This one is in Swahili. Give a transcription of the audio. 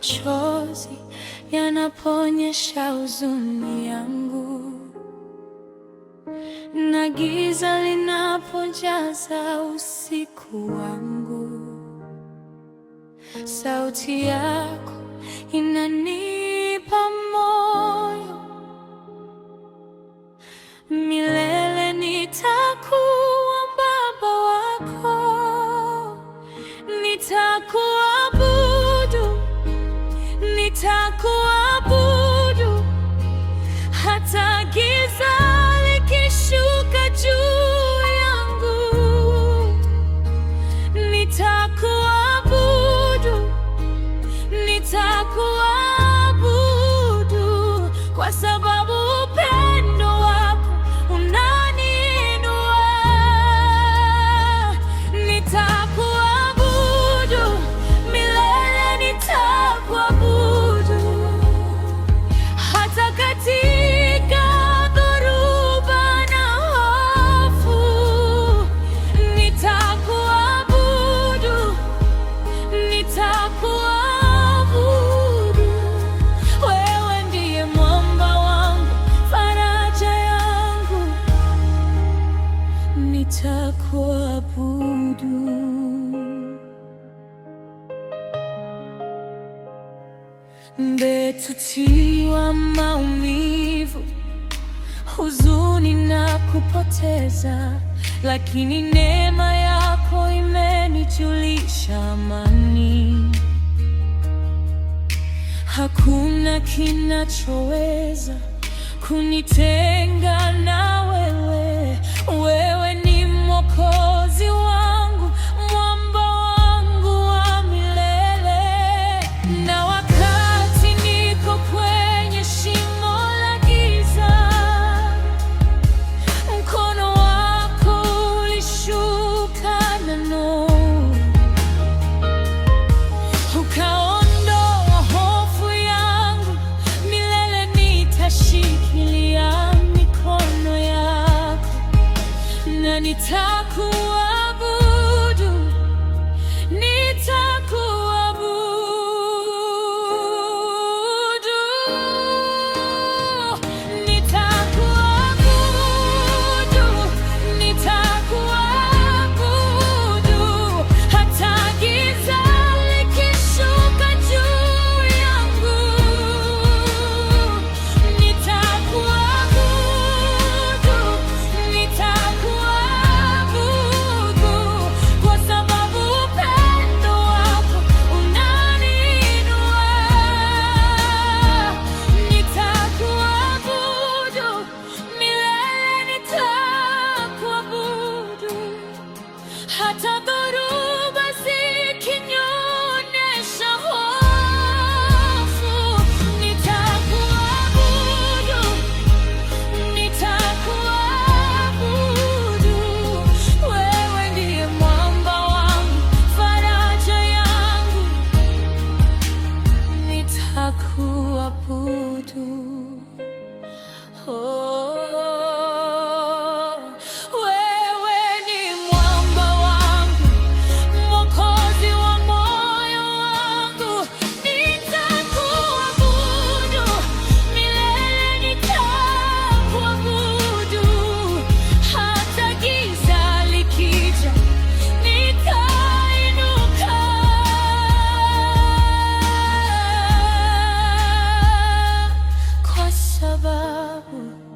machozi yanaponyesha huzuni yangu, na giza linapojaza usiku wangu, sauti yako inanipa moyo. nitakuabudu hata giza likishuka juu yangu, nitakuabudu, nitakuabudu kwa sababu mbetutiwa maumivu, huzuni na kupoteza, lakini neema yako imenitulisha amani. Hakuna kinachoweza kunitenga na 你他哭。lover.